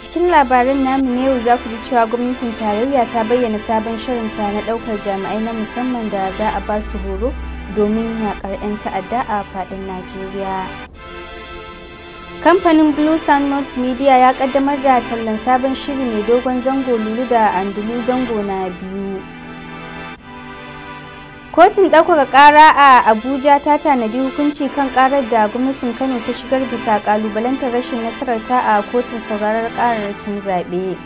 cikin labaran namu ne yau za ku ji cewa gwamnatin tarayya ta bayyana sabon shirinta na ɗaukar jami'ai na musamman da za a ba su horo domin yaƙar 'yan ta'adda a faɗin Najeriya. Kamfanin Blue Sun Media ya ƙaddamar da tallan sabon shiri mai dogon zango lulu da Andulu zango na biyu. Kotun ɗaukaka ƙara a Abuja ta tanadi hukunci kan ƙarar da gwamnatin Kano ta shigar bisa ƙalubalantar rashin nasararta a kotun sauraron ƙararrakin zaɓe.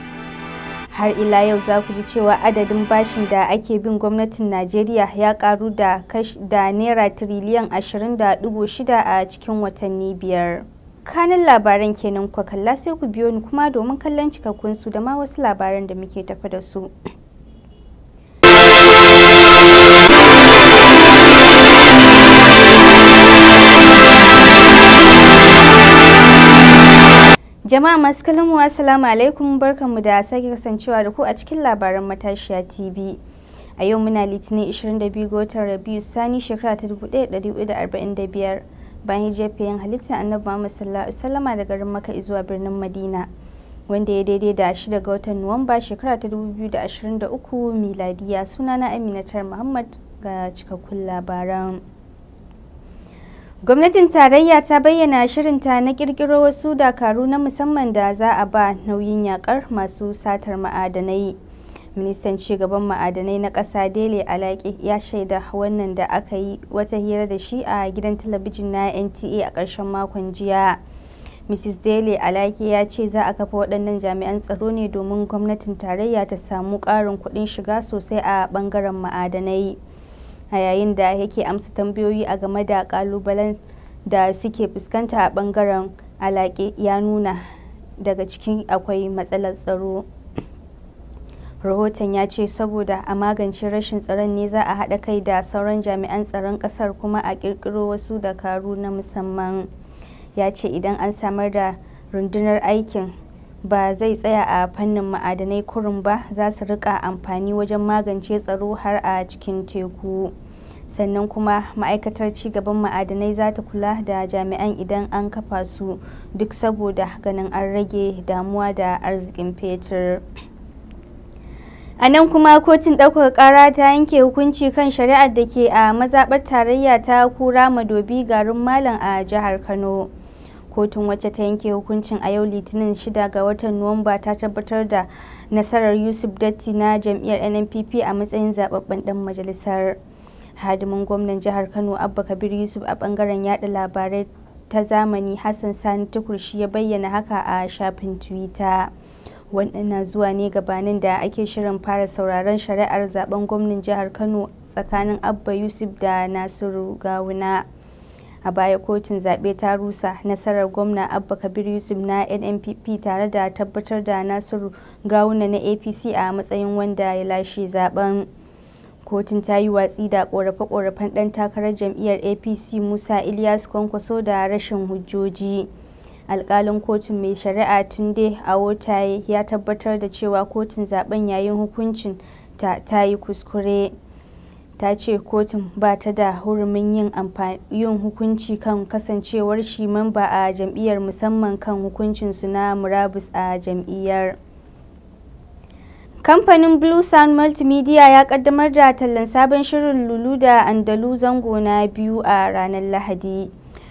Har ila yau za ku ji cewa adadin bashin da ake bin gwamnatin Najeriya ya ƙaru da naira tiriliyan 20.6 a cikin watanni biyar. Kanin labaran kenan kwa kalla sai ku biyo ni kuma domin kallon cikakkun su da ma wasu labaran da muke tafa da su. Jama'a masu kalamu assalamu alaikum barkanmu da sake kasancewa da ku a cikin labaran matashiya TV. A yau muna Litinin 22 ga watan Rabiu Sani shekara ta 1445 bayan jefiyan halitta Annabi Muhammad sallallahu alaihi wasallama da garin Makka zuwa birnin Madina wanda ya daidai da 6 ga watan Nuwamba shekara ta 2023 miladiya sunana Aminatar Muhammad ga cikakkun labaran. Gwamnatin tarayya ta bayyana shirinta na kirkiro wasu dakaru na musamman da za a ba nauyin yakar masu satar ma'adanai. Ministan cigaban ma'adanai na ƙasa Dele Alaƙi ya shaida wannan da aka yi wata hira da shi a gidan talabijin na NTA a ƙarshen makon jiya. Mrs. Dele Alaki ya ce za a kafa waɗannan jami'an tsaro ne domin gwamnatin tarayya ta samu ƙarin kuɗin shiga sosai a ɓangaren ma'adanai. a yayin da yake amsa tambayoyi a game da kalubalen da suke fuskanta a bangaren alaƙe ya nuna daga cikin akwai matsalar tsaro rahoton ya ce saboda a magance rashin tsaron ne za a haɗa kai da sauran jami'an tsaron ƙasar kuma a ƙirƙiro wasu dakaru na musamman ya ce idan an samar da rundunar aikin ba zai tsaya a fannin ma'adanai kurum ba za su riƙa amfani wajen magance tsaro har a cikin teku. sannan kuma ma'aikatar cigaban ma'adanai za ta kula da jami'an idan an kafa su duk saboda ganin an rage damuwa da arzikin fetur a nan kuma kotun ɗaukar ƙara ta yanke hukunci kan shari'ar da ke a mazaɓar tarayya ta kura madobi garin malam a jihar kano kotun wacce ta yanke hukuncin a yau litinin 6 ga watan nuwamba ta tabbatar da nasarar yusuf datti na jam'iyyar nnpp a matsayin zababben dan majalisar hadimin gwamnan jihar kano abba kabir yusuf a bangaren yada labarai ta zamani hassan sani tukurshi ya bayyana haka a shafin twitter waɗannan zuwa ne gabanin da ake shirin fara sauraron shari'ar zaben gwamnan jihar kano tsakanin abba yusuf da nasiru gawuna a baya kotun zaɓe ta rusa nasarar gwamna abba kabir yusuf na nnpp tare da tabbatar da nasiru gawuna na apc a matsayin wanda ya lashe zaben kotun ta yi watsi da korafe-korafen ɗan takarar jam'iyyar apc musa ilyas kwankwaso da rashin hujjoji alkalin kotun mai shari'a tunde a wotaye ya tabbatar da cewa kotun zaben yayin hukuncin ta ta yi kuskure ta ce kotun ba ta da hurumin yin yin hukunci kan kasancewar shi mamba a jam'iyyar musamman kan hukuncinsu na murabus a jam'iyyar Kamfanin Blue Sound Multimedia ya kaddamar da tallan sabon shirin Lulu da Andalu zango na biyu a ranar Lahadi.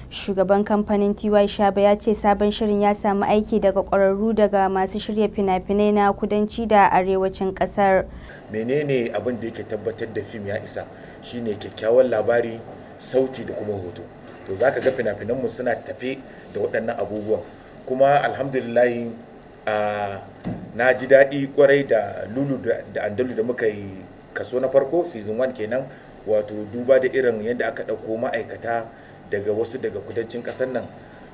Shugaban kamfanin TY Shaba ya ce sabon shirin ya samu aiki daga ƙwararru daga masu shirya fina-finai na kudanci da arewacin ƙasar. Menene abin da yake tabbatar da fim ya isa shine kyakkyawan labari, sauti da kuma hoto. To za ka ga fina mu suna tafe da waɗannan abubuwan. Kuma alhamdulillahi ah, na ji daɗi kwarai da lulu da andalu da muka yi kaso na farko season 1 kenan wato duba da irin yadda aka ɗauko ma'aikata daga wasu daga kudancin ƙasar nan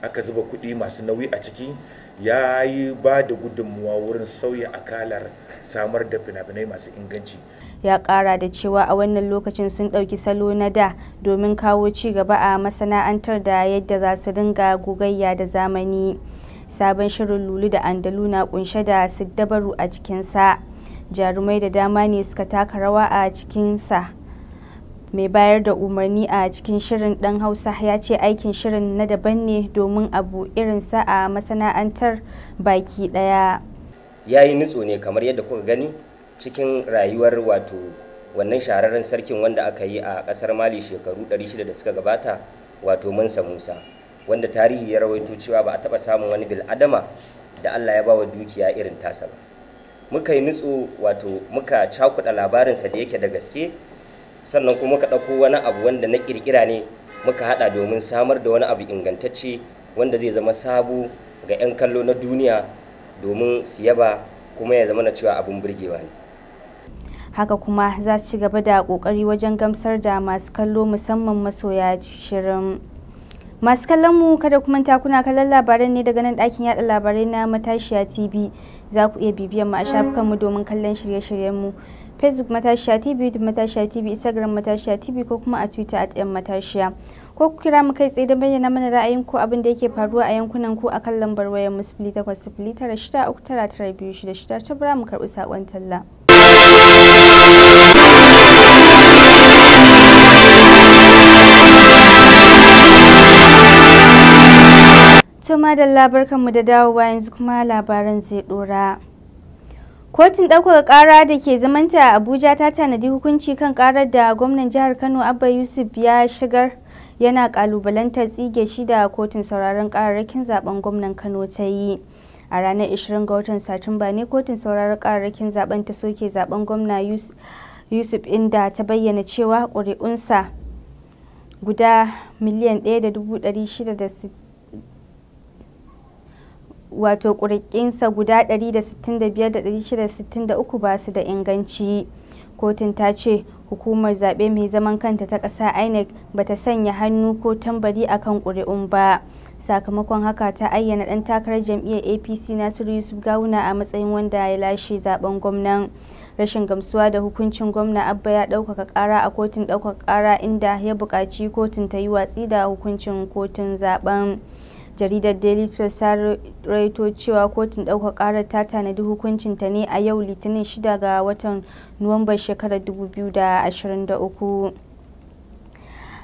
aka zuba kuɗi masu nauyi a ciki ya yi ba da gudunmuwa wurin sauya akalar samar da fina-finai masu inganci ya kara da cewa a wannan lokacin sun ɗauki salo na da domin kawo ci gaba a masana'antar da yadda za su dinga gogayya da zamani sabon shirin lulu da andalu na kunshe da siddabaru a cikinsa jarumai da dama ne suka taka rawa a cikinsa mai bayar da umarni a cikin shirin dan hausa ya ce aikin shirin na daban ne domin abu irinsa a masana'antar baki daya. ya yi nutso ne kamar yadda kuka gani cikin rayuwar wato wannan shahararren sarkin wanda aka yi a kasar mali shekaru 600 da suka gabata wato mansa musa wanda tarihi ya rawaito cewa ba a taɓa samun wani bil'adama da Allah ya bawa dukiya irin tasa ba muka yi nutsu wato muka cakuɗa labarinsa da yake da gaske sannan kuma muka ɗauko wani abu wanda na ƙirƙira ne muka haɗa domin samar da wani abu ingantacce wanda zai zama sabu ga 'yan kallo na duniya domin su yaba kuma ya zama na cewa abun burgewa ne haka kuma za ci gaba da ƙoƙari wajen gamsar da masu kallo musamman masoya shirin masu kallon mu kada kuma takuna kallon labaran ne daga nan ɗakin yaɗa labarai na matashiya tv za ku iya bibiyar mu a shafukan mu domin kallon shirye-shiryen mu facebook matashiya tv youtube matashiya tv instagram matashiya tv ko kuma a twitter at yan matashiya ko ku kira mu kai tsaye don bayyana mana ra'ayin ko abin da yake faruwa a yankunan ku akan lambar wayar mu sifili takwas sifili tara shida uku tara tara biyu shida shida ta mu karɓi saƙon talla. To madalla mu da dawowa yanzu kuma labaran zai dora. Kotun ɗaukaka ƙara da ke zamanta a Abuja ta tanadi hukunci kan ƙarar da gwamnan jihar Kano Abba Yusuf ya shigar yana ƙalubalantar tsige shi da kotun sauraron ƙararrakin zaben gwamnan Kano ta yi. A ranar 20 ga watan Satumba ne kotun sauraron ƙararrakin zaben ta soke zaben gwamna Yusuf inda ta bayyana cewa ƙuri'unsa guda miliyan 1,660 wato ƙuriƙinsa guda 165,663 ba su da inganci kotun ta ce hukumar zaɓe mai zaman kanta ta ƙasa inec ba ta sanya hannu ko tambari a kan ƙuri'un ba sakamakon haka ta ayyana ɗan takarar jam'iyyar apc nasiru yusuf gawuna a matsayin wanda ya lashe zaben gwamnan rashin gamsuwa da hukuncin gwamna abba ya ɗaukaka ƙara a kotun ɗaukaka ƙara inda ya buƙaci kotun ta yi watsi da hukuncin kotun zaben jaridar daily trust ta raito cewa kotun ɗaukar ƙarar ta tanadi hukuncinta ne a yau litinin 6 ga watan nuwamba shekarar 2023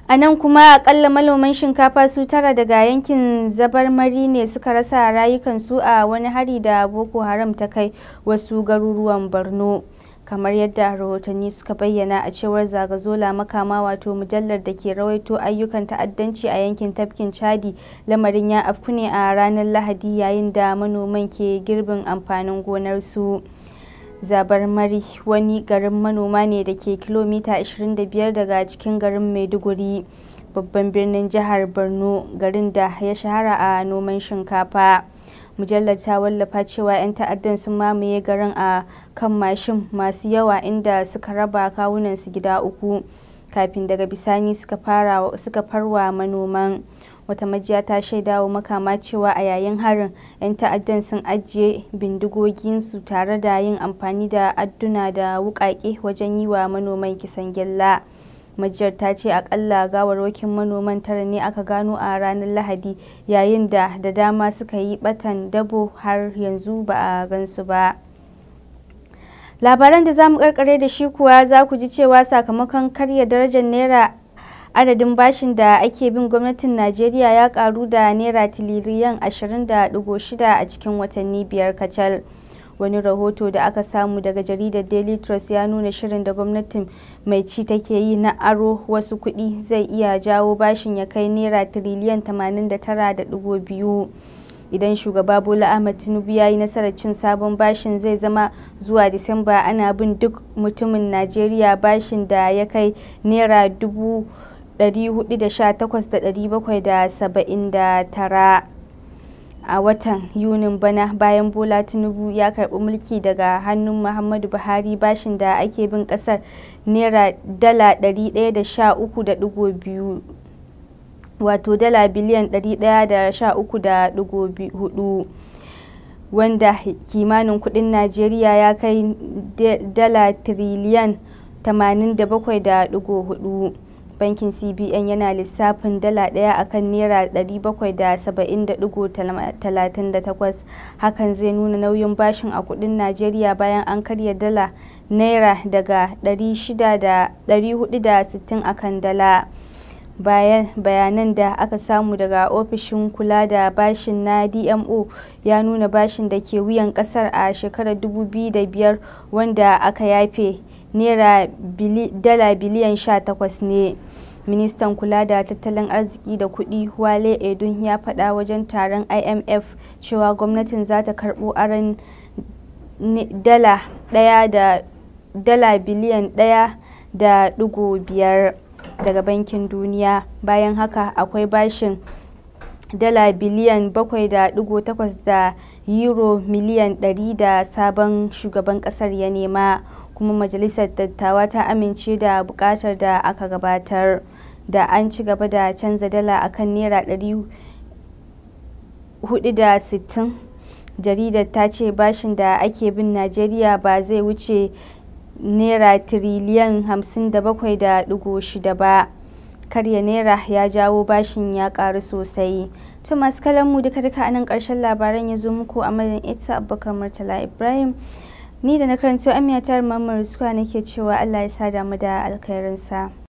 a nan kuma akalla malaman shinkafa su tara daga yankin zabarmari ne suka rasa rayukansu a wani hari da boko haram ta kai wasu garuruwan borno kamar yadda rahotanni suka bayyana a cewar zagazola makama wato mujallar da ke rawaito ayyukan ta'addanci a yankin tafkin chadi lamarin ya afku ne a ranar lahadi yayin da manoman ke girbin amfanin gonarsu mari wani garin manoma ne da ke kilomita 25 daga cikin garin maiduguri babban birnin jihar borno garin da ya shahara a noman shinkafa mujallar ta wallafa cewa 'yan ta'addan sun mamaye garin a kan mashin masu yawa inda suka raba kawunansu gida uku kafin daga bisani suka farwa manoman wata majiya ta shaidawa makama cewa a yayin harin 'yan ta'addan sun ajiye bindigoginsu tare da yin amfani da adduna da wukake wajen yi wa manoman kisan gyalla majiyar ta ce akalla gawarwakin manoman tara ne aka gano a ranar lahadi yayin da da dama suka yi batan dabo har yanzu ba a gansu ba labaran da za mu karkare da shi kuwa za ku ji cewa sakamakon karya darajar naira adadin bashin da ake bin gwamnatin najeriya ya karu da naira tiliriyan 20.6 a cikin watanni biyar kacal wani rahoto da aka samu daga jaridar daily trust ya nuna shirin da gwamnatin mai ci take yi na aro wasu kuɗi zai iya jawo bashin ya kai naira tiriliyan 89.2 idan shugaba bola ahmed tinubu ya yi nasarar cin sabon bashin zai zama zuwa disamba ana bin duk mutumin najeriya bashin da ya kai naira dubu tara a watan yunin bana bayan bola tinubu ya karbi mulki daga hannun muhammadu buhari bashin da ake bin kasar naira dala 113.2 wato dala biliyan 113.4 wanda kimanin kudin najeriya ya kai dala tiriliyan 87.4 bankin cbn yana lissafin dala daya akan naira 770.38 hakan zai nuna nauyin bashin a kudin najeriya bayan an karya dala naira daga 460 akan dala bayanan da aka samu daga ofishin kula da bashin na dmo ya nuna bashin da ke wuyan kasar a shekarar 2005 wanda aka yafe naira dala biliyan 18 ne ministan kula da tattalin arziki da kudi wale edun ya faɗa wajen taron imf cewa gwamnatin za ta karɓo aron dala biliyan 1.5 daga Bankin Duniya, bayan haka akwai bashin dala biliyan 7.8 da euro miliyan 100 da sabon shugaban kasar ya nema, kuma majalisar dattawa ta amince da bukatar da aka gabatar, da an ci gaba da canza dala akan naira 460. Jaridar ta ce bashin da ake bin Najeriya ba zai wuce naira tiriliyan 57.6 ba karya naira ya jawo bashin ya karu sosai to masu kalanmu mu duka duka anan karshen labaran ya zo muku a madan ita abubakar murtala ibrahim ni da na karanta amiyatar mamman mamar suka nake cewa allah ya sada mu da alkhairinsa